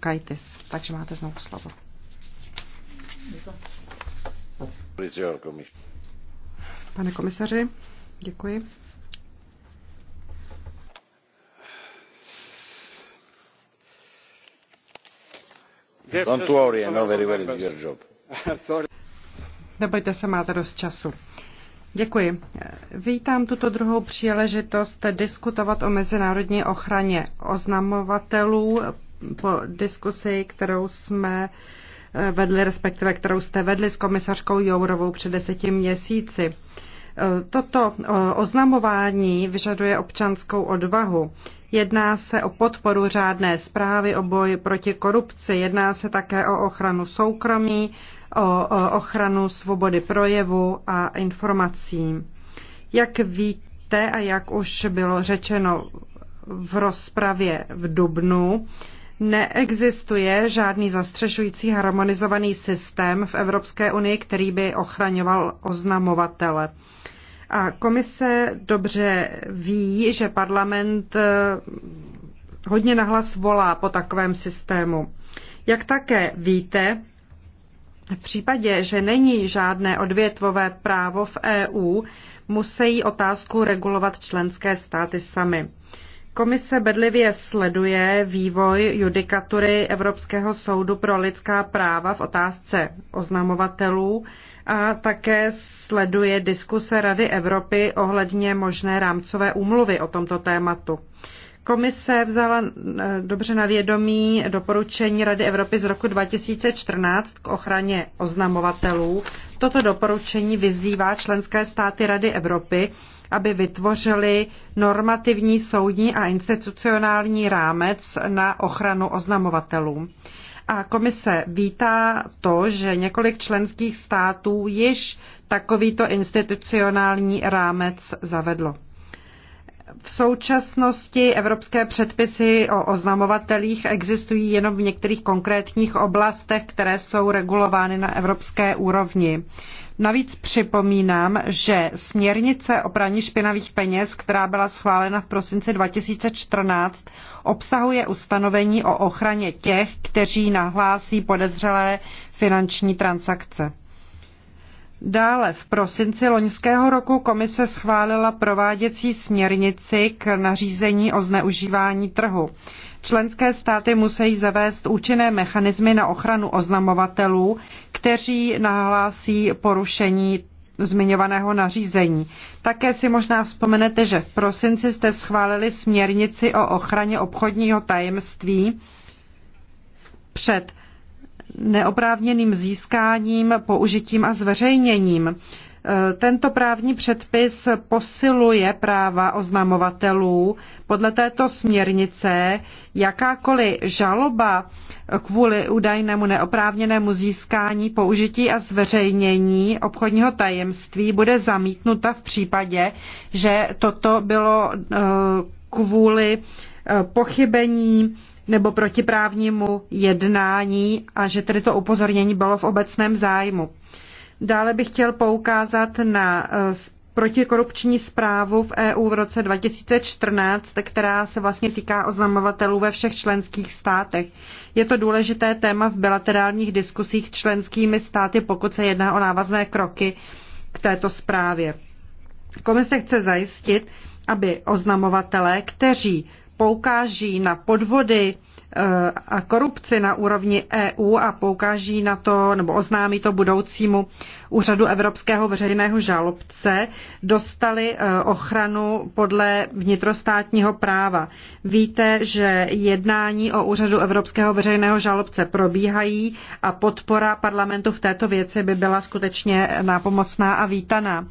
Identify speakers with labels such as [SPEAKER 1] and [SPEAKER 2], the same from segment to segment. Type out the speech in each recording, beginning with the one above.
[SPEAKER 1] Kajtis. Takže máte znovu slovo. Pane komisaři, děkuji.
[SPEAKER 2] Don't worry, I know very well your job.
[SPEAKER 1] Nebojte se, máte dost času. Děkuji. Vítám tuto druhou příležitost diskutovat o mezinárodní ochraně oznamovatelů po diskusi, kterou jsme eh, vedli, respektive kterou jste vedli s komisařkou Jourovou před deseti měsíci. Eh, Toto eh, oznamování vyžaduje občanskou odvahu. Jedná se o podporu řádné zprávy, o boj proti korupci, jedná se také o ochranu soukromí, o ochranu svobody projevu a informací. Jak víte a jak už bylo řečeno v rozpravě v Dubnu, Neexistuje žádný zastřešující harmonizovaný systém v Evropské unii, který by ochraňoval oznamovatele. A komise dobře ví, že parlament eh, hodně nahlas volá po takovém systému. Jak také víte, v případě, že není žádné odvětvové právo v EU, musí otázku regulovat členské státy sami. Komise bedlivě sleduje vývoj judikatury Evropského soudu pro lidská práva v otázce oznamovatelů a také sleduje diskuse Rady Evropy ohledně možné rámcové úmluvy o tomto tématu. Komise vzala eh, dobře na vědomí doporučení Rady Evropy z roku 2014 k ochraně oznamovatelů. Toto doporučení vyzývá členské státy Rady Evropy, aby vytvořili normativní soudní a institucionální rámec na ochranu oznamovatelů. A komise vítá to, že několik členských států již takovýto institucionální rámec zavedlo. V současnosti evropské předpisy o oznamovatelích existují jenom v některých konkrétních oblastech, které jsou regulovány na evropské úrovni. Navíc připomínám, že směrnice o praní špinavých peněz, která byla schválena v prosinci 2014, obsahuje ustanovení o ochraně těch, kteří nahlásí podezřelé finanční transakce. Dále v prosinci loňského roku komise schválila prováděcí směrnici k nařízení o zneužívání trhu. Členské státy musí zavést účinné mechanismy na ochranu oznamovatelů, kteří nahlásí porušení zmiňovaného nařízení. Také si možná vzpomenete, že v prosinci jste schválili směrnici o ochraně obchodního tajemství před neoprávněným získáním, použitím a zveřejněním. Tento právní předpis posiluje práva oznamovatelů. Podle této směrnice jakákoliv žaloba kvůli údajnému neoprávněnému získání, použití a zveřejnění obchodního tajemství bude zamítnuta v případě, že toto bylo eh, kvůli eh, pochybení nebo protiprávnímu jednání a že tedy to upozornění bylo v obecném zájmu. Dále bych chtěl poukázat na eh, protikorupční zprávu v EU v roce 2014, která se vlastně týká oznamovatelů ve všech členských státech. Je to důležité téma v bilaterálních diskusích s členskými státy, pokud se jedná o návazné kroky k této zprávě. Komise chce zajistit, aby oznamovatelé, kteří poukáží na podvody a korupci na úrovni EU a poukáží na to, nebo oznámí to budoucímu úřadu Evropského veřejného žalobce, dostali e, ochranu podle vnitrostátního práva. Víte, že jednání o úřadu Evropského veřejného žalobce probíhají a podpora parlamentu v této věci by byla skutečně nápomocná a vítaná.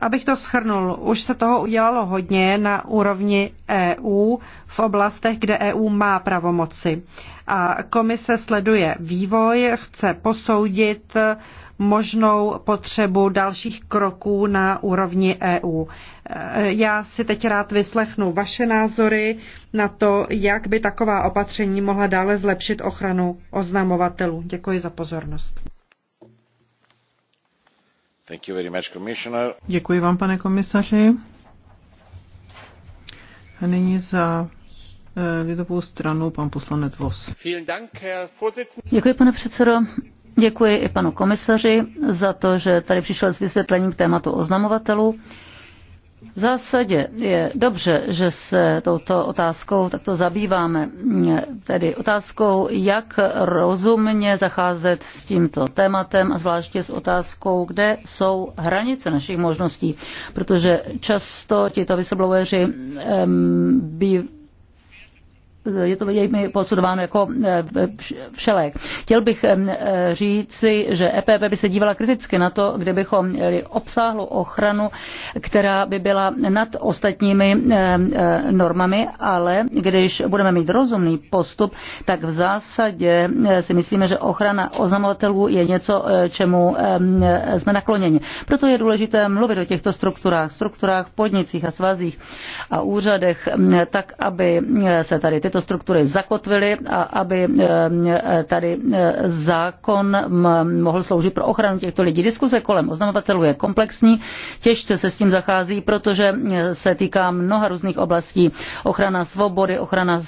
[SPEAKER 1] Abych to schrnul, už se toho udělalo hodně na úrovni EU v oblastech, kde EU má pravomoci. A komise sleduje vývoj, chce posoudit možnou potřebu dalších kroků na úrovni EU. Já si teď rád vyslechnu vaše názory na to, jak by taková opatření mohla dále zlepšit ochranu oznamovatelů. Děkuji za pozornost.
[SPEAKER 2] Thank you very much, Commissioner.
[SPEAKER 1] Děkuji vám, pane komisaři.
[SPEAKER 3] A nyní za eh, lidovou stranu pan poslanec Vos. Děkuji, pane předsedo. Děkuji i panu komisaři za to, že tady přišel s vysvětlením k tématu oznamovatelů. V zásadě je dobře, že se touto otázkou takto zabýváme, tedy otázkou, jak rozumně zacházet s tímto tématem a zvláště s otázkou, kde jsou hranice našich možností, protože často tito vysobloveři um, je to mi posudováno jako e, všelek. Chtěl bych e, říci, že EPP by se dívala kriticky na to, kde bychom měli obsáhlou ochranu, která by byla nad ostatními e, normami, ale když budeme mít rozumný postup, tak v zásadě si myslíme, že ochrana oznamovatelů je něco, čemu jsme nakloněni. Proto je důležité mluvit o těchto strukturách, strukturách v podnicích a svazích a úřadech, tak aby se tady tyto tyto struktury zakotvily a aby eh, tady eh, zákon mohl sloužit pro ochranu těchto lidí. Diskuse kolem oznamovatelů je komplexní, těžce se s tím zachází, protože eh, se týká mnoha různých oblastí. Ochrana svobody, ochrana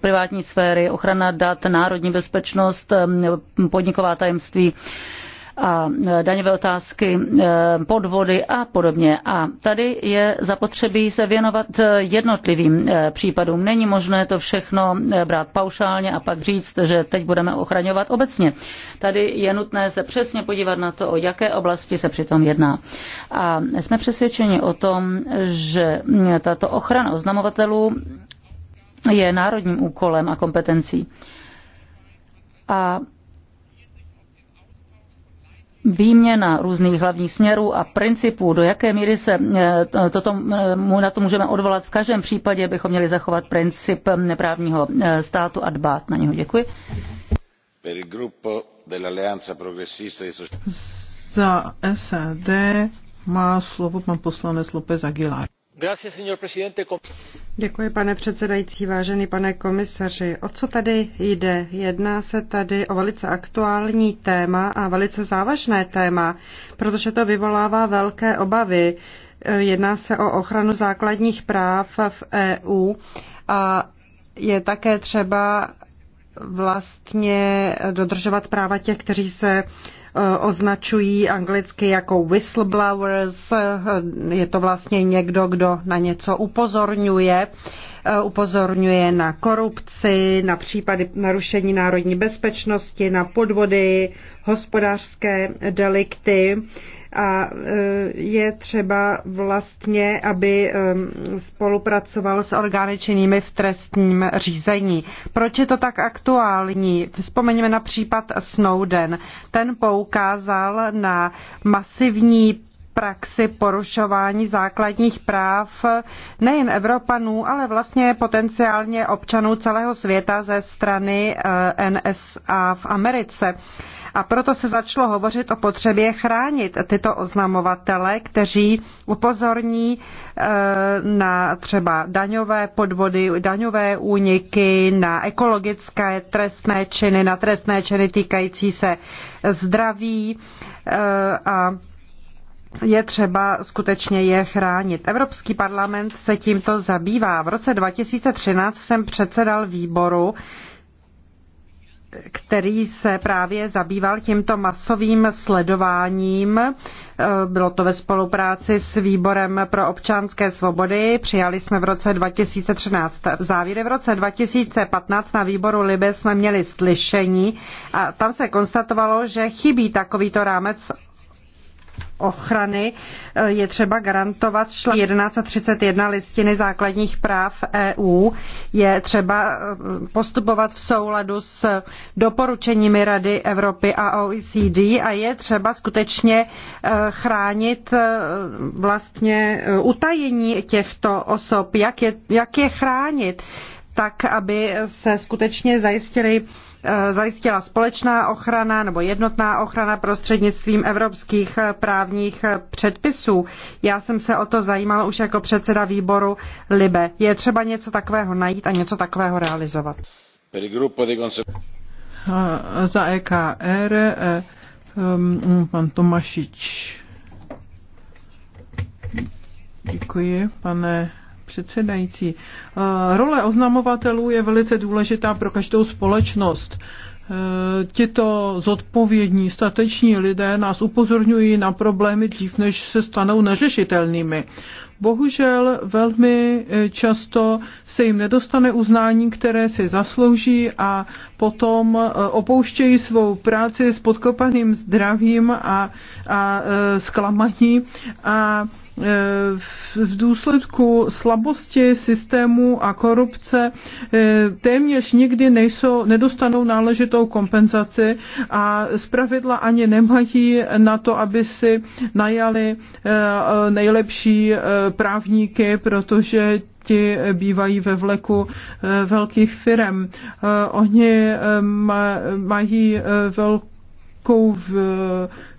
[SPEAKER 3] privátní sféry, ochrana dat, národní bezpečnost, podniková tajemství a e, daňové otázky, e, podvody a podobně. A tady je zapotřebí se věnovat e, jednotlivým případům. Není možné to všechno brát paušálně a pak říct, že teď budeme ochraňovat obecně. Tady je nutné se přesně podívat na to, o jaké oblasti se přitom jedná. A jsme přesvědčeni o tom, že tato ochrana oznamovatelů je národním úkolem a kompetencí. A výměna různých hlavních směrů a principů, do jaké míry se eh, toto, eh, na to můžeme odvolat. V každém případě bychom měli zachovat princip neprávního eh, státu a dbát na něho. Děkuji. Za
[SPEAKER 4] SAD má slovo pan poslanec López Aguilar.
[SPEAKER 1] Gracias, señor presidente. Děkuji, pane předsedající, vážený pane komisaři. O co tady jde? Jedná se tady o velice aktuální téma a velice závažné téma, protože to vyvolává velké obavy. Jedná se o ochranu základních práv v EU a je také třeba vlastně dodržovat práva těch, kteří se Eh, označují anglicky jako whistleblowers. Eh, je to vlastně někdo, kdo na něco upozorňuje. Eh, upozorňuje na korupci, na případy narušení národní bezpečnosti, na podvody, hospodářské delikty a e, je třeba vlastně, aby e, spolupracoval s orgány činnými v trestním řízení. Proč je to tak aktuální? Vzpomeňme na případ Snowden. Ten poukázal na masivní praxi porušování základních práv nejen Evropanů, ale vlastně potenciálně občanů celého světa ze strany e, NSA v Americe a proto se začalo hovořit o potřebě chránit tyto oznamovatele, kteří upozorní e, na třeba daňové podvody, daňové úniky, na ekologické trestné činy, na trestné činy týkající se zdraví e, a je třeba skutečně je chránit. Evropský parlament se tímto zabývá. V roce 2013 jsem předsedal výboru, který se právě zabýval tímto masovým sledováním. E, bylo to ve spolupráci s Výborem pro občanské svobody. Přijali jsme v roce 2013 závěre V roce 2015 na výboru Libe jsme měli slyšení a tam se konstatovalo, že chybí takovýto rámec ochrany eh, je třeba garantovat články 11 a listiny základních práv EU. Je třeba eh, postupovat v souladu s doporučeními Rady Evropy a OECD a je třeba skutečně eh, chránit vlastně utajení těchto osob. Jak je, jak je chránit? tak aby se skutečně zajistili, eh, zajistila společná ochrana nebo jednotná ochrana prostřednictvím evropských eh, právních eh, předpisů. Já jsem se o to zajímal už jako předseda výboru LIBE. Je třeba něco takového najít a něco takového realizovat. Za EKR ehm, mm, pan Tomašič.
[SPEAKER 4] Děkuji, pane předsedající. Eh, role oznamovatelů je velice důležitá pro každou společnost. Eh, tito zodpovědní, stateční lidé nás upozorňují na problémy dřív, než se stanou neřešitelnými. Bohužel velmi eh, často se jim nedostane uznání, které si zaslouží a potom opouštějí svou práci s podkopaným zdravím a, a zklamaní. A, a Eh, v důsledku slabosti systému a korupce eh, téměř nikdy nejsou, nedostanou náležitou kompenzaci a zpravidla ani nemají na to, aby si najali eh, nejlepší právníky, protože ti bývají ve vleku velkých firm. Oni mají velkou velkou,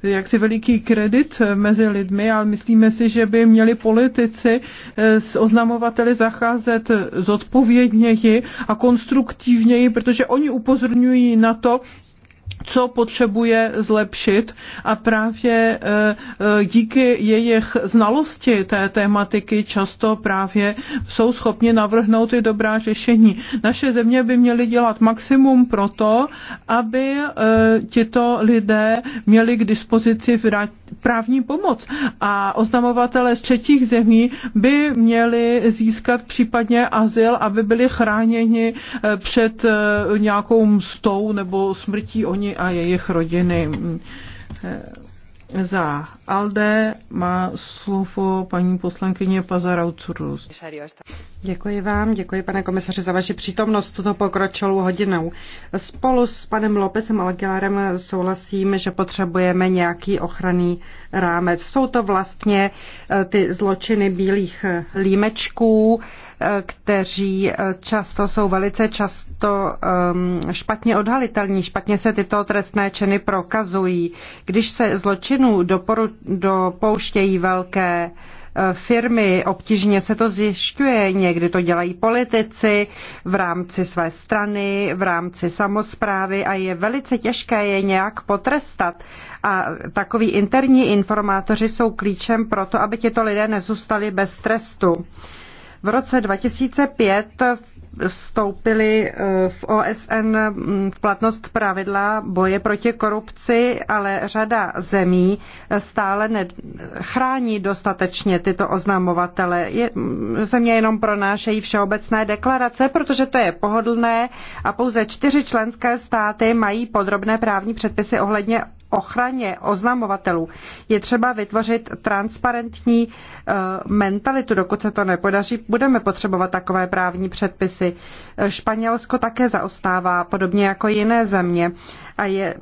[SPEAKER 4] jaksi veliký kredit mezi lidmi a myslíme si, že by měli politici eh, s oznamovateli zacházet zodpovědněji a konstruktivněji, protože oni upozorňují na to, co potřebuje zlepšit a právě eh, eh, díky jejich znalosti té tématiky často právě jsou schopni navrhnout i dobrá řešení. Naše země by měly dělat maximum pro to, aby eh, tito lidé měli k dispozici vrátit právní pomoc a oznamovatele z třetích zemí by měli získat případně azyl, aby byli chráněni eh, před eh, nějakou mstou nebo smrtí oni a jejich rodiny. Eh, za
[SPEAKER 1] ALDE má slovo paní poslankyně Pazaraucurus. Děkuji vám, děkuji pane komisaři za vaši přítomnost tuto pokročilou hodinou. Spolu s panem Lopesem Algelarem souhlasím, že potřebujeme nějaký ochranný rámec. Jsou to vlastně eh, ty zločiny bílých límečků, kteří eh, často jsou velice často ehm, špatně odhalitelní, špatně se tyto trestné činy prokazují. Když se zločinů doporu, dopouštějí velké eh, firmy, obtížně se to zjišťuje, někdy to dělají politici v rámci své strany, v rámci samozprávy a je velice těžké je nějak potrestat. A takoví interní informátoři jsou klíčem pro to, aby těto lidé nezůstali bez trestu. V roce 2005 vstoupily eh, v OSN mm, v platnost pravidla boje proti korupci, ale řada zemí eh, stále chrání dostatečně tyto oznamovatele. Je, mm, země jenom pronášejí všeobecné deklarace, protože to je pohodlné a pouze čtyři členské státy mají podrobné právní předpisy ohledně ochraně oznamovatelů je třeba vytvořit transparentní eh, mentalitu. Dokud se to nepodaří, budeme potřebovat takové právní předpisy. Španělsko také zaostává, podobně jako jiné země a je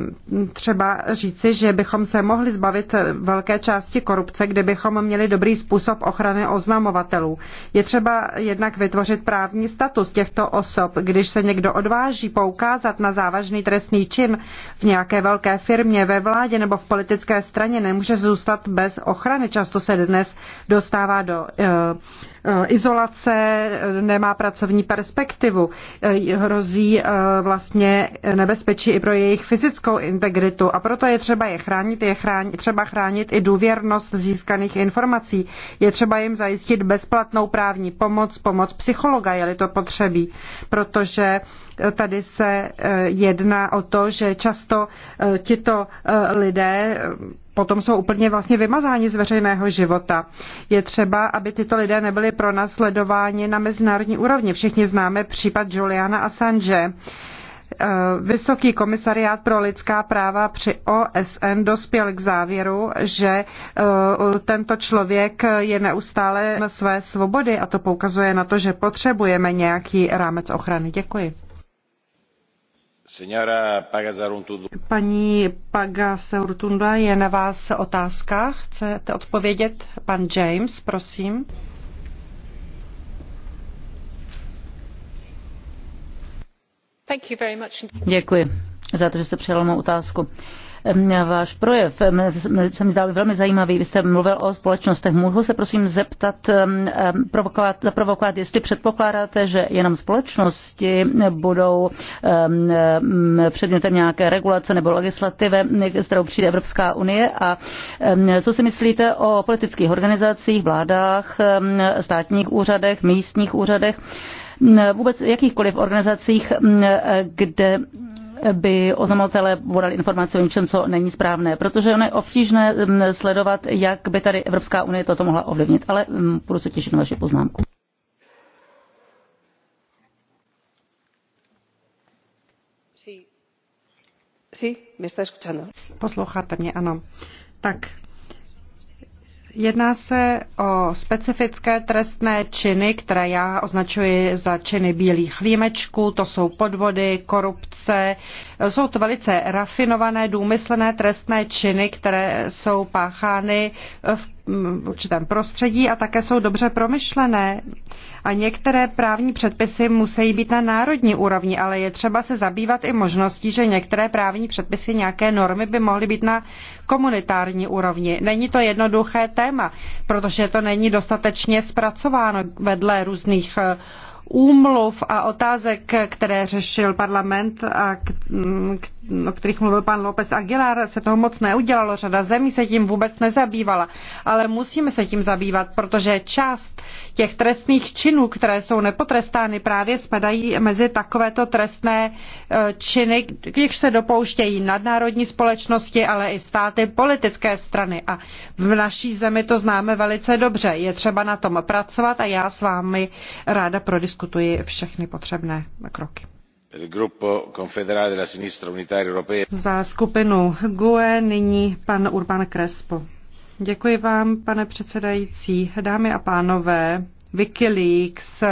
[SPEAKER 1] třeba říci, že bychom se mohli zbavit velké části korupce, kdybychom měli dobrý způsob ochrany oznamovatelů. Je třeba jednak vytvořit právní status těchto osob. Když se někdo odváží poukázat na závažný trestný čin v nějaké velké firmě, ve vládě nebo v politické straně, nemůže zůstat bez ochrany. Často se dnes dostává do eh, Eh, izolace, eh, nemá pracovní perspektivu. Eh, hrozí vlastně nebezpečí i pro jejich fyzickou integritu a proto je třeba je chránit, je chránit, třeba chránit i důvěrnost získaných informací. Je třeba jim zajistit bezplatnou právní pomoc, pomoc psychologa, je-li to potřebí, protože tady se jedná o to, že často tito lidé potom jsou úplně vlastně vymazáni z veřejného života. Je třeba, aby tyto lidé nebyli pronásledováni na mezinárodní úrovni. Všichni známe případ Juliana Assange. Eh, vysoký komisariát pro lidská práva při OSN dospěl k závěru, že eh, tento člověk je neustále na své svobody a to poukazuje na to, že potřebujeme nějaký rámec ochrany. Děkuji. Paní Pagasaurtunda, je na vás otázka. Chcete odpovědět? Pan James, prosím.
[SPEAKER 3] Děkuji za to, že jste přijal mou otázku. Váš projev se mi zdal velmi zajímavý. Vy jste mluvil o společnostech. Mohu se prosím zeptat, provokovat, zaprovokovat, jestli předpokládáte, že jenom společnosti budou předmětem nějaké regulace nebo legislativy, s kterou přijde Evropská unie a co si myslíte o politických organizacích, vládách, státních úřadech, místních úřadech, vůbec jakýchkoliv organizacích, kde by oznamovatele podali informace o něčem, co není správné, protože ono je obtížné mm, sledovat, jak by tady Evropská unie toto mohla ovlivnit. Ale mm, budu se těšit na vaši poznámku.
[SPEAKER 1] Sí, me está escuchando. Posloucháte mě, ano. Tak, Jedná se o specifické trestné činy, které já označuji za činy bílých límečků. To jsou podvody, korupce. Jsou to velice rafinované, důmyslené trestné činy, které jsou páchány v v určitém prostředí a také jsou dobře promyšlené. A některé právní předpisy musí být na národní úrovni, ale je třeba se zabývat i možností, že některé právní předpisy, nějaké normy by mohly být na komunitární úrovni. Není to jednoduché téma, protože to není dostatečně zpracováno vedle různých eh, úmluv a otázek, které řešil parlament a k, k, o kterých mluvil pan López Aguilar, se toho moc neudělalo. Řada zemí se tím vůbec nezabývala. Ale musíme se tím zabývat, protože část těch trestných činů, které jsou nepotrestány, právě spadají mezi takovéto trestné e, činy, když se dopouštějí nadnárodní společnosti, ale i státy politické strany. A v naší zemi to známe velice dobře. Je třeba na tom pracovat a já s vámi ráda prodiskutuji diskutuji všechny potřebné kroky. Za skupinu GUE nyní pan Urban Crespo. Děkuji vám, pane předsedající. Dámy a pánové, Wikileaks,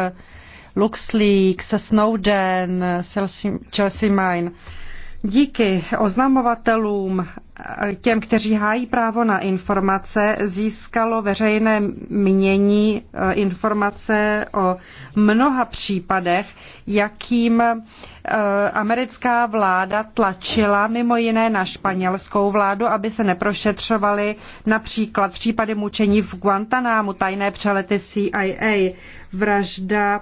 [SPEAKER 1] LuxLeaks, Snowden, Chelsea Mine. Díky oznamovatelům, těm, kteří hájí právo na informace, získalo veřejné mění eh, informace o mnoha případech, jakým eh, americká vláda tlačila mimo jiné na španělskou vládu, aby se neprošetřovaly například případy mučení v Guantanámu, tajné přelety CIA, vražda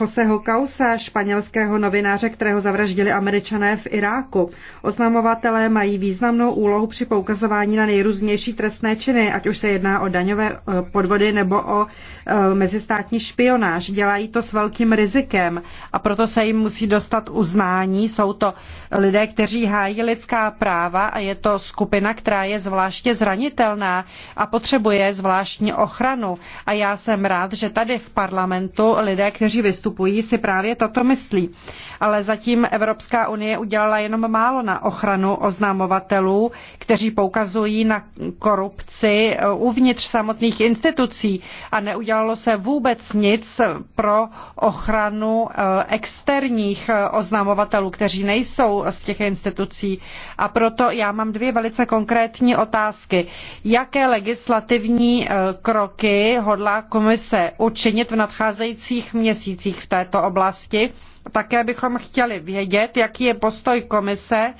[SPEAKER 1] Joseho Kausa, španělského novináře, kterého zavraždili američané v Iráku. Oznamovatelé mají významnou úlohu při poukazování na nejrůznější trestné činy, ať už se jedná o daňové eh, podvody nebo o eh, mezistátní špionáž. Dělají to s velkým rizikem a proto se jim musí dostat uznání. Jsou to lidé, kteří hájí lidská práva a je to skupina, která je zvláště zranitelná a potřebuje zvláštní ochranu. A já jsem rád, že tady v parlamentu lidé, kteří kteří vystupují, si právě toto myslí. Ale zatím Evropská unie udělala jenom málo na ochranu oznamovatelů, kteří poukazují na korupci eh, uvnitř samotných institucí a neudělalo se vůbec nic pro ochranu eh, externích eh, oznamovatelů, kteří nejsou z těch institucí. A proto já mám dvě velice konkrétní otázky. Jaké legislativní kroky hodlá komise učinit v nadcházejících měsících? měsících v této oblasti. Také bychom chtěli vědět, jaký je postoj komise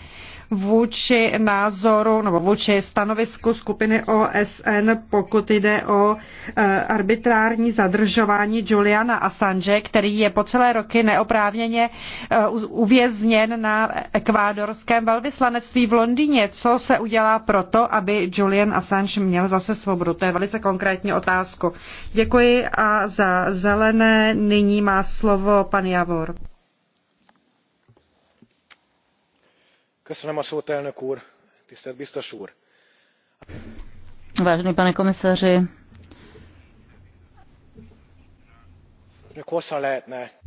[SPEAKER 1] vůči názoru nebo vůči stanovisku skupiny OSN, pokud jde o e, arbitrární zadržování Juliana Assange, který je po celé roky neoprávněně e, uvězněn na ekvádorském velvyslanectví v Londýně. Co se udělá proto, aby Julian Assange měl zase svobodu? To je velice konkrétní otázku. Děkuji a za zelené nyní má slovo pan Javor.
[SPEAKER 5] elnök
[SPEAKER 3] vážený pane komisaři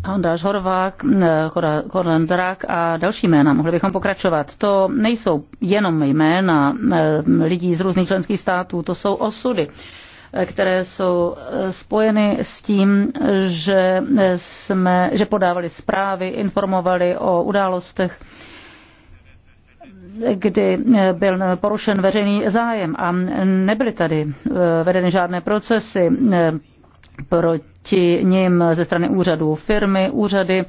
[SPEAKER 3] Hondáš Horvák, Korlandrák a další jména. Mohli bychom pokračovat. To nejsou jenom jména eh, lidí z různých členských států, to jsou osudy eh, které jsou eh, spojeny s tím, že, jsme, že podávali zprávy, informovali o událostech, kdy eh, byl eh, porušen veřejný zájem a nebyly tady eh, vedeny žádné procesy proti ním ze strany úřadů firmy, úřady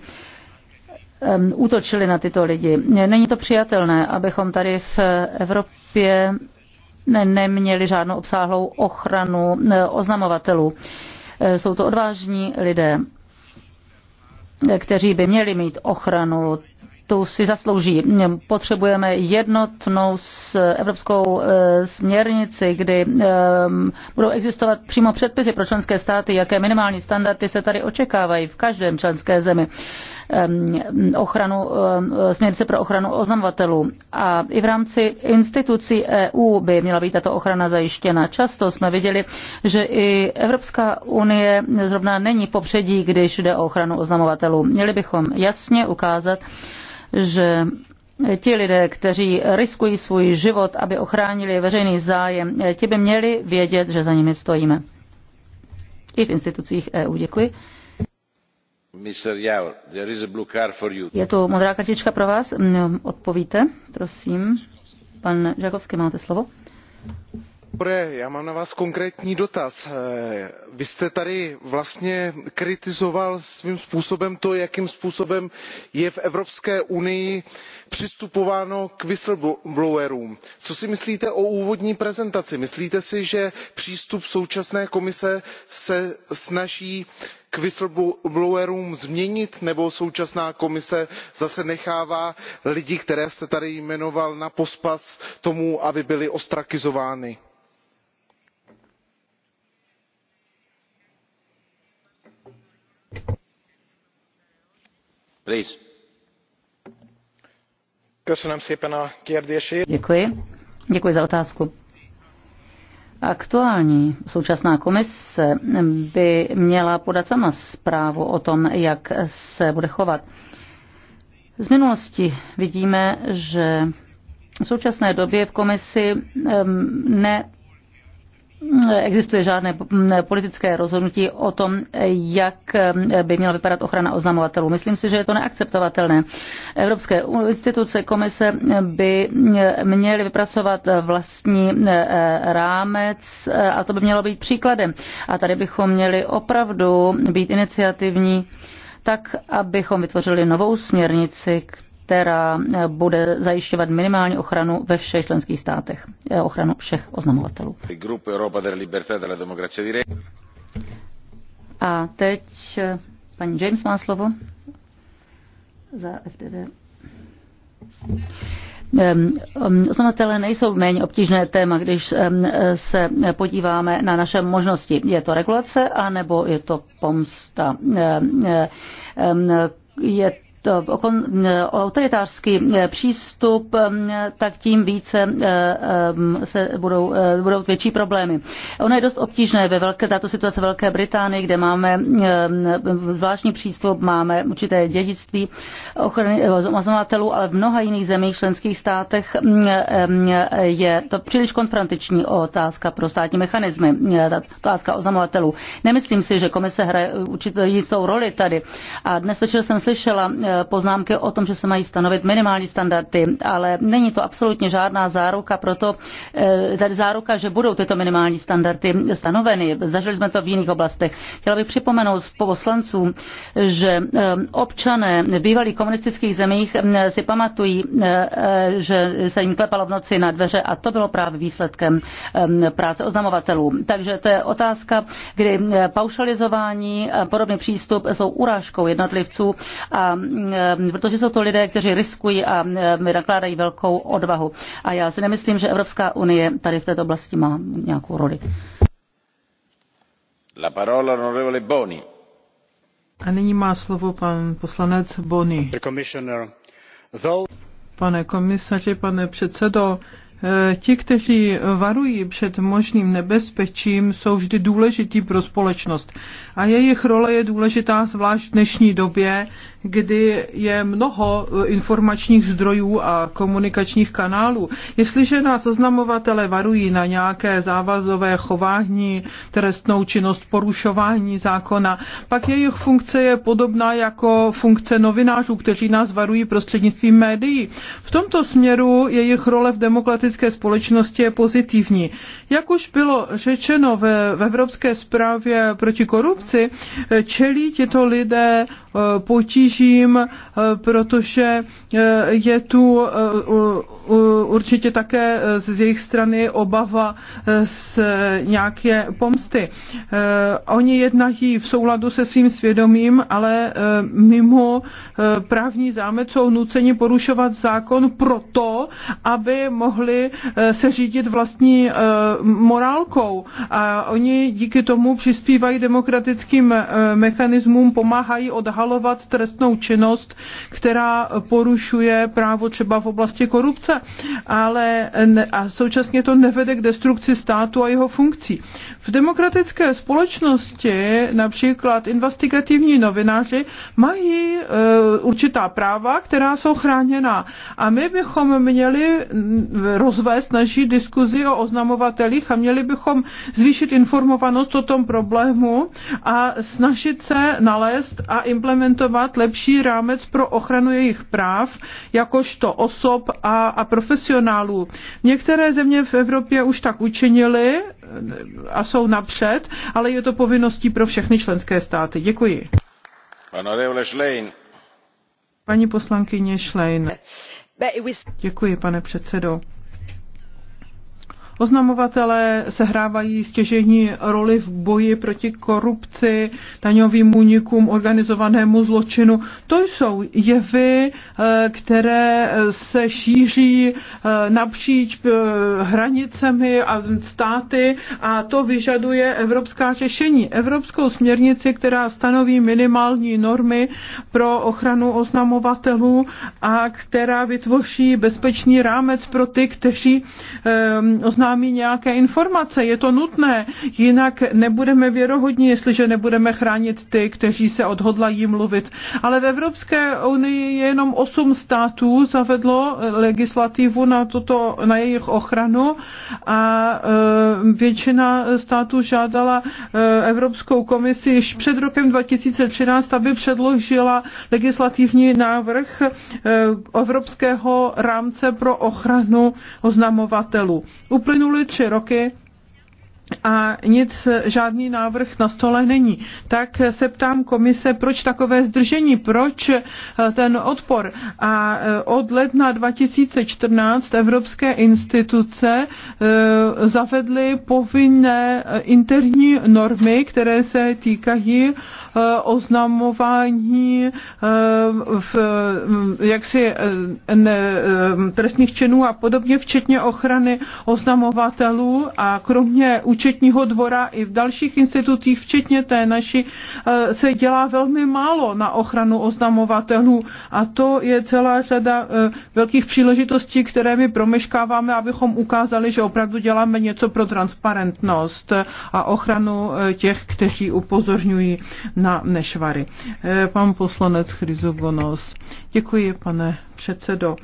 [SPEAKER 3] útočili na tyto lidi. Není to přijatelné, abychom tady v Evropě neměli žádnou obsáhlou ochranu oznamovatelů. Jsou to odvážní lidé, kteří by měli mít ochranu tu si zaslouží. Potřebujeme jednotnou s evropskou eh, směrnici, kdy ehm, budou existovat přímo předpisy pro členské státy, jaké minimální standardy se tady očekávají v každém členské zemi ehm, ochranu, eh, směrnice pro ochranu oznamovatelů. A i v rámci institucí EU by měla být tato ochrana zajištěna. Často jsme viděli, že i Evropská unie zrovna není popředí, když jde o ochranu oznamovatelů. Měli bychom jasně ukázat, že ti lidé, kteří riskují svůj život, aby ochránili veřejný zájem, ti by měli vědět, že za nimi stojíme. I v institucích EU. Děkuji.
[SPEAKER 2] Je tu modrá
[SPEAKER 3] kartička pro vás. Mm, odpovíte, prosím. Pan Žakovský, máte slovo
[SPEAKER 6] já mám na vás konkrétní dotaz. Eh, vy jste tady vlastně kritizoval svým způsobem to jakým způsobem je v evropské unii přistupováno k whistleblowerům. co si myslíte o úvodní prezentaci? myslíte si že přístup současné komise se snaží k whistleblowerům změnit nebo současná komise zase nechává lidi které jste tady jmenoval napospas tomu aby byli ostrakizováni? Děkuji.
[SPEAKER 3] za otázku. Aktuální současná komise by měla podat sama zprávu o tom, jak se bude chovat. Z minulosti vidíme, že v současné době v komisi ne existuje žádné politické rozhodnutí o tom, jak by měla vypadat ochrana oznamovatelů. Myslím si, že je to neakceptovatelné. Evropské instituce, komise by měly vypracovat vlastní e, rámec e, a to by mělo být příkladem. A tady bychom měli opravdu být iniciativní tak, abychom vytvořili novou směrnici, která eh, bude zajišťovat minimální ochranu ve všech členských státech, eh, ochranu všech oznamovatelů. E A teď eh, paní James má slovo za FDD. Oznamatelé nejsou méně obtížné téma, když se podíváme na naše možnosti. Je to regulace, anebo je to pomsta. Je Eh, autoritářský eh, přístup, eh, tak tím více se budou, budou větší problémy. Ono je dost obtížné ve velké, tato situace Velké Británii, kde máme zvláštní přístup, máme určité dědictví ochrany oznamovatelů, ale v mnoha jiných zemích, členských státech mm, je to příliš konfrontační otázka pro státní mechanismy, otázka oznamovatelů. Nemyslím si, že komise hraje určitou roli tady. A dnes večer jsem slyšela poznámky o tom, že se mají stanovit minimální standardy, ale není to absolutně žádná záruka proto to, eh, tady záruka, že budou tyto minimální standardy stanoveny. Zažili jsme to v jiných oblastech. Chtěla bych připomenout poslancům, že eh, občané v bývalých komunistických zemích hm, si pamatují, eh, že se jim klepalo v noci na dveře a to bylo právě výsledkem hm, práce oznamovatelů. Takže to je otázka, kdy paušalizování a podobný přístup jsou urážkou jednotlivců a hm, Ehm, protože jsou to lidé, kteří riskují a ehm, nakládají velkou odvahu. A já si nemyslím, že Evropská unie tady v této oblasti má nějakou roli.
[SPEAKER 2] La parola onorevole Boni.
[SPEAKER 3] A
[SPEAKER 4] nyní má slovo pan poslanec Boni. Pane komisaři, pane předsedo, ti, kteří varují před možným nebezpečím, jsou vždy důležití pro společnost. A jejich role je důležitá zvlášť v dnešní době, kdy je mnoho eh, informačních zdrojů a komunikačních kanálů. Jestliže nás oznamovatele varují na nějaké závazové chování, trestnou činnost, porušování zákona, pak jejich funkce je podobná jako funkce novinářů, kteří nás varují prostřednictvím médií. V tomto směru jejich role v demokratické demokratické společnosti je pozitivní. Jak už bylo řečeno ve, v Evropské zprávě proti korupci, eh, čelí tyto lidé Eh, potížím, eh, protože eh, je tu určitě také z jejich strany obava z nějaké pomsty. Oni jednají v souladu se svým svědomím, ale mimo právní zámec jsou nuceni porušovat zákon proto, aby mohli se řídit vlastní morálkou. A oni díky tomu přispívají demokratickým mechanismům, pomáhají odhalovat odhalovat trestnou činnost, která porušuje právo třeba v oblasti korupce, ale a současně to nevede k destrukci státu a jeho funkcí. V demokratické společnosti například investigativní novináři mají e, určitá práva, která jsou chráněná. A my bychom měli mm, rozvést naší diskuzi o oznamovatelích a měli bychom zvýšit informovanost o tom problému a snažit se nalézt a implementovat implementovat lepší rámec pro ochranu jejich práv, jakožto osob a, a profesionálů. Některé země v Evropě už tak učinily eh, a jsou napřed, ale je to povinností pro všechny členské státy. Děkuji. Paní poslankyně Schlein. Děkuji, pane předsedo. Oznamovatelé sehrávají stěžení roli v boji proti korupci, daňovým únikům, organizovanému zločinu. To jsou jevy, eh, které se šíří eh, napříč eh, hranicemi a státy a to vyžaduje evropská řešení. Evropskou směrnici, která stanoví minimální normy pro ochranu oznamovatelů a která vytvoří bezpečný rámec pro ty, kteří oznámí mi nějaké informace. Je to nutné, jinak nebudeme věrohodní, jestliže nebudeme chránit ty, kteří se odhodlají mluvit. Ale v Evropské unii je jenom osm států zavedlo eh, legislativu na, toto, na jejich ochranu a eh, většina států žádala eh, Evropskou komisi již před rokem 2013, aby předložila legislativní návrh evropského rámce pro ochranu oznamovatelů. Upl- uplynuly tři roky a nic, žádný návrh na stole není. Tak se ptám komise, proč takové zdržení, proč eh, ten odpor. A eh, od ledna 2014 evropské instituce eh, zavedly povinné interní normy, které se týkají oznamování v, jaksi ne, trestných činů a podobně, včetně ochrany oznamovatelů a kromě účastníků účetního dvora i v dalších institucích, včetně té naší, eh, se dělá velmi málo na ochranu oznamovatelů a to je celá řada eh, velkých příležitostí, které my promeškáváme, abychom ukázali, že opravdu děláme něco pro transparentnost a ochranu eh, těch, kteří upozorňují na nešvary. Pan poslanec Chryzogonos. Děkuji, pane předsedo.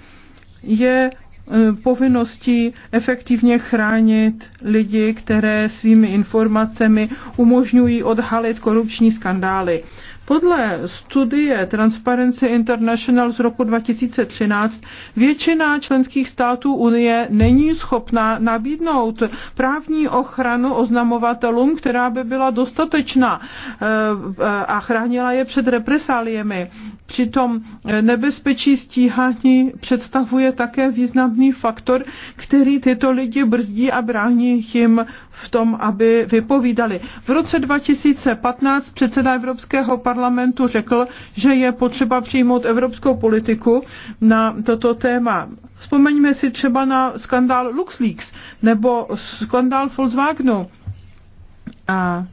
[SPEAKER 4] Je E, povinností efektivně chránit lidi, které svými informacemi umožňují odhalit korupční skandály. Podle studie Transparency International z roku 2013 většina členských států Unie není schopná nabídnout právní ochranu oznamovatelům, která by byla dostatečná eh, eh, a chránila je před represáliemi. Přitom eh, nebezpečí stíhání představuje také významný faktor, který tyto lidi brzdí a brání jim v tom, aby vypovídali. V roce 2015 předseda Evropského parlamentu řekl, že je potřeba přijmout evropskou politiku na toto téma. Vzpomeňme si třeba na skandál LuxLeaks nebo skandál Volkswagenu. A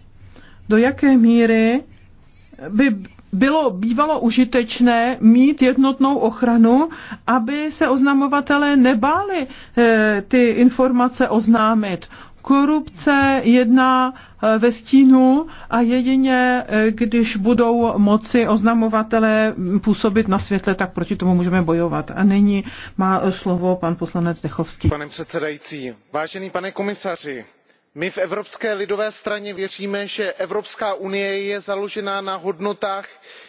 [SPEAKER 4] do jaké míry by bylo bývalo užitečné mít jednotnou ochranu, aby se oznamovatelé nebáli eh, ty informace oznámit korupce jedná eh, ve stínu a jedině, eh, když budou moci oznamovatele mm, působit na světle, tak proti tomu můžeme bojovat. A nyní má eh, slovo pan poslanec Dechovský. Pane
[SPEAKER 6] předsedající, vážený pane komisaři, my v Evropské lidové straně věříme, že Evropská unie je založena na hodnotách,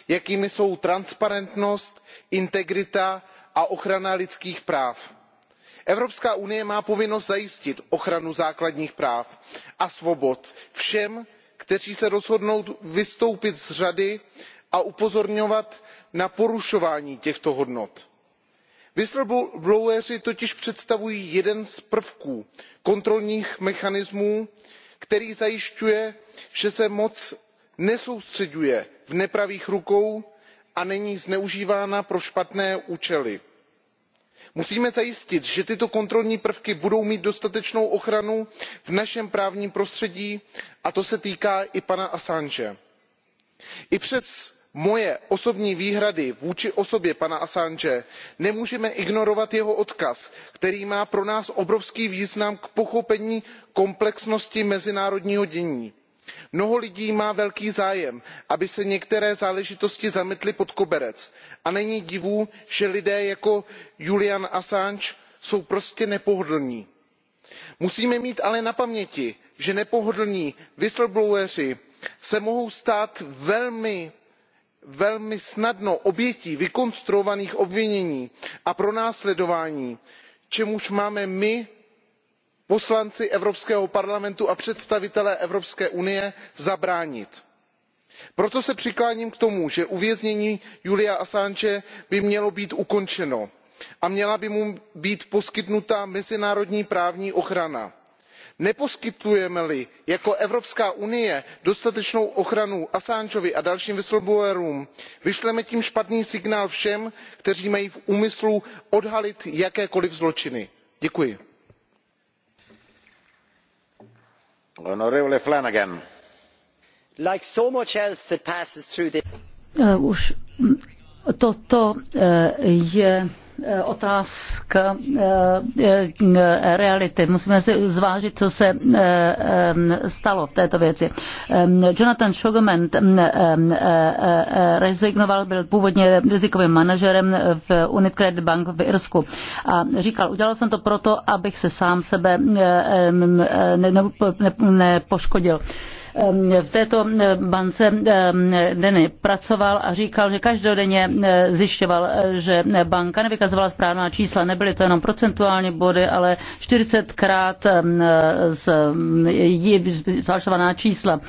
[SPEAKER 6] jakými jsou transparentnost, integrita a ochrana lidských práv evropská unie má povinnost zajistit ochranu základních práv a svobod všem kteří se rozhodnou vystoupit z řady a upozorňovat na porušování těchto hodnot. whistlebloweri totiž představují jeden z prvků kontrolních mechanismů který zajišťuje že se moc nesoustřeďuje v nepravých rukou a není zneužívána pro špatné účely musíme zajistit že tyto kontrolní prvky budou mít dostatečnou ochranu v našem právním prostředí a to se týká i pana assange. i přes moje osobní výhrady vůči osobě pana assange nemůžeme ignorovat jeho odkaz který má pro nás obrovský význam k pochopení komplexnosti mezinárodního dění mnoho lidí má velký zájem aby se některé záležitosti zametly pod koberec a není divu že lidé jako julian assange jsou prostě nepohodlní. musíme mít ale na paměti že nepohodlní whistlebloweři se mohou stát velmi snadno obětí vykonstruovaných obvinění a pronásledování čemuž máme my poslanci evropského parlamentu a představitelé evropské unie zabránit. proto se přikláním k tomu že uvěznění julia assange by mělo být ukončeno a měla by mu být poskytnuta mezinárodní právní ochrana. neposkytujeme li jako evropská unie dostatečnou ochranu Assangeovi a dalším whistleblowerům vyšleme tím špatný signál všem kteří mají v úmyslu odhalit jakékoliv
[SPEAKER 2] zločiny. děkuji.
[SPEAKER 3] toto je Eh, otázka eh, eh, reality. Musíme si zvážit, co se stalo v této věci. Ehm, Jonathan Sugarman rezignoval, byl původně rizikovým manažerem v Credit Bank v Irsku a říkal, udělal jsem to proto, abych se sám sebe nepoškodil. Ehm, ne, ne, ne, Ehm, v této ehm, bance ehm, Denny pracoval a říkal, že každodenně zjišťoval, eh, že banka nevykazovala správná čísla. Nebyly to jenom procentuální body, ale 40krát zfalšovaná čísla.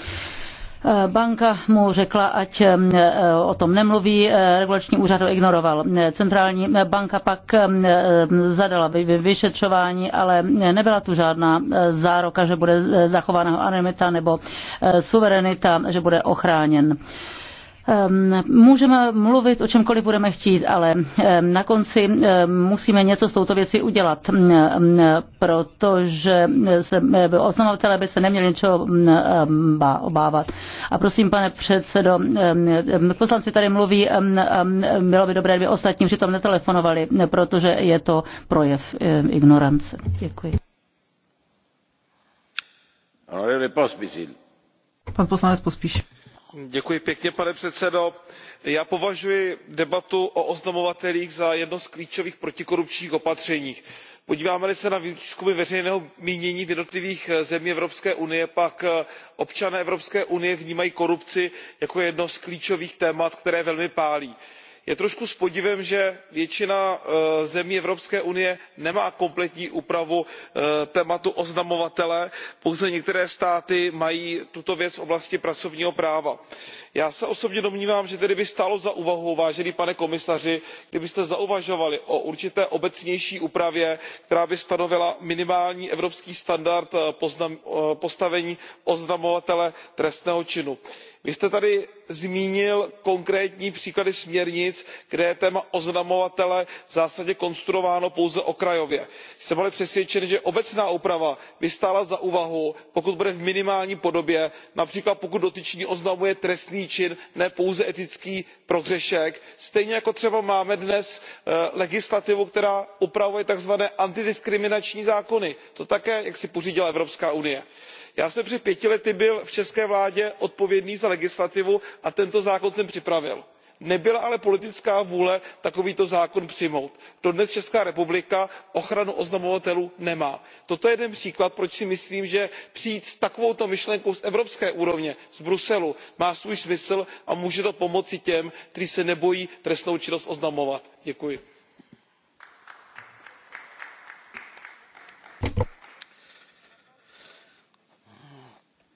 [SPEAKER 3] Eh, banka mu řekla, ať eh, eh, o tom nemluví, regulační úřad ho ignoroval. Centrální banka pak zadala vyšetřování, ale nebyla tu žádná záruka, že bude zachována anonymita nebo suverenita, že bude ochráněn. Ehm, můžeme mluvit o čemkoliv budeme chtít, ale ehm, na konci ehm, musíme něco s touto věcí udělat, protože e, oznamovatelé by se neměli něčeho e, obávat. A prosím, pane předsedo, poslanci tady mluví, bylo by dobré, kdyby ostatní přitom netelefonovali, protože je to projev ignorance. Děkuji. Pan poslanec Pospíš
[SPEAKER 5] pane předsedající já považuji debatu o oznamovatelích za jedno z klíčových protikorupčních opatření. podíváme li se na výzkumy veřejného mínění v jednotlivých eh, zemích evropské unie pak eh, občané evropské unie vnímají korupci jako jedno z klíčových témat které velmi pálí je trošku s podivem že většina eh, zemí evropské unie nemá kompletní úpravu eh, tématu oznamovatele pouze některé státy mají tuto věc v oblasti pracovního práva. já se osobně domnívám že by stálo za úvahu vážený pane komisaři kdybyste zauvažovali o určité obecnější úpravě která by stanovila minimální evropský standard eh, postavení oznamovatele trestného činu vy jste tady zmínil konkrétní příklady směrnic kde je téma oznamovatele v zásadě konstruováno pouze okrajově. jsem ale přesvědčen že obecná úprava by stála za úvahu pokud bude v minimální podobě například pokud dotyčný oznamuje trestný čin ne pouze etický prohřešek stejně jako třeba máme dnes eh, legislativu která upravuje takzvané antidiskriminační zákony to také jaksi pořídila evropská unie já jsem před pěti lety byl v české vládě odpovědný za legislativu a tento zákon jsem připravil. nebyla ale politická vůle takovýto zákon přijmout. dodnes česká republika ochranu oznamovatelů nemá. toto je jeden příklad proč si myslím že přijít s takovouto myšlenkou z evropské úrovně z bruselu má svůj smysl a může to pomoci těm kteří se nebojí trestnou činnost oznamovat. děkuji.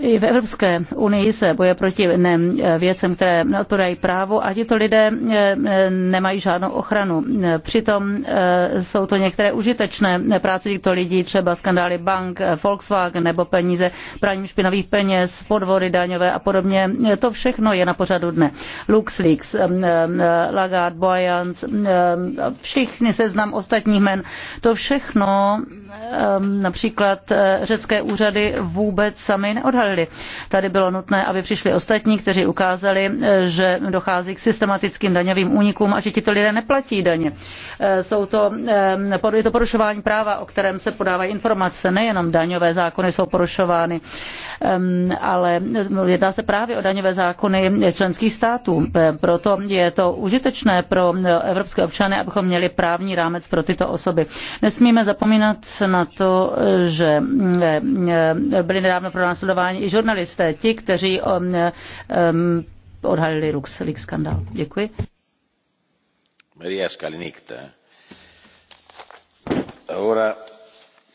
[SPEAKER 3] I v Evropské unii se boje proti věcem, které neodpovídají právu a tito lidé e, e, nemají žádnou ochranu. Přitom e, jsou to některé užitečné práce těchto lidí, třeba skandály bank, Volkswagen nebo peníze, praní špinavých peněz, podvody daňové a podobně. To všechno je na pořadu dne. LuxLeaks, Lagarde, Boyans, všichni seznam ostatních men, to všechno například řecké úřady vůbec sami neodhalují odhalili. Tady bylo nutné, aby přišli ostatní, kteří ukázali, eh, že dochází k systematickým daňovým únikům a že tito lidé neplatí daně. Eh, jsou to, eh, je to porušování práva, o kterém se podávají informace. Nejenom daňové zákony jsou porušovány, ehm, ale jedná se právě o daňové zákony členských států. Proto je to užitečné pro evropské občany, abychom měli právní rámec pro tyto osoby. Nesmíme zapomínat na to, že mm, mm, byly nedávno pronásledováni informováni i žurnalisté, ti, kteří um, um, odhalili Rux, LuxLeaks skandál. Děkuji.
[SPEAKER 2] Maria Skalinikta. Ora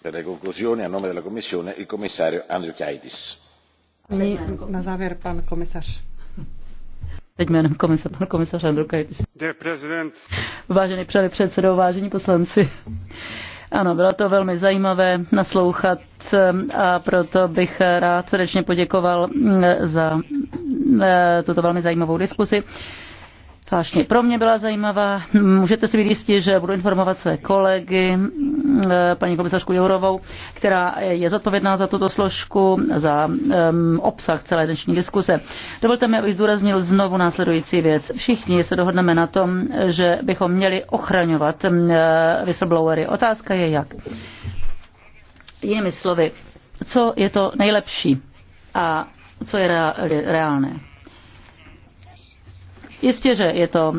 [SPEAKER 2] per le conclusioni a nome della Commissione il commissario Andriukaitis.
[SPEAKER 3] Na závěr pan komisař. Teď jménem komise, pan komisař Andrew Andrukaitis. Vážený předsedo, vážení poslanci, ano, bylo to velmi zajímavé naslouchat ehm, a proto bych rád srdečně poděkoval mm, za eh, tuto velmi zajímavou diskusi zvláštní. Pro mě byla zajímavá. Můžete si být jistí, že budu informovat své kolegy, eh, paní komisařku Jourovou, která je zodpovědná za tuto složku, za um, obsah celé dnešní diskuse. Dovolte mi, abych zdůraznil znovu následující věc. Všichni se dohodneme na tom, že bychom měli ochraňovat uh, whistleblowery. Otázka je jak. Jinými slovy, co je to nejlepší a co je reálné. Jistě, že je to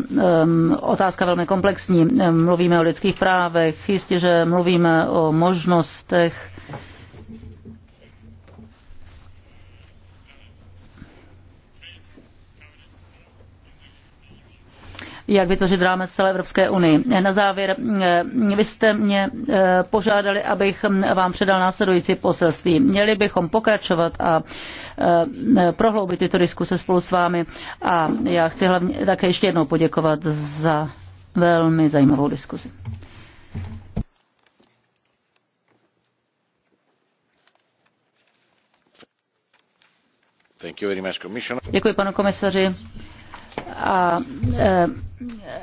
[SPEAKER 3] um, otázka velmi komplexní. Mluvíme o lidských právech, jistě, že mluvíme o možnostech jak vytvořit rámec celé Evropské unii. Na závěr, eh, vy jste mě eh, požádali, abych hm, vám předal následující poselství. Měli bychom pokračovat a eh, prohloubit tyto diskuse spolu s vámi a já chci hlavně také ještě jednou poděkovat za velmi zajímavou diskuzi.
[SPEAKER 2] Děkuji panu komisaři.
[SPEAKER 3] A e,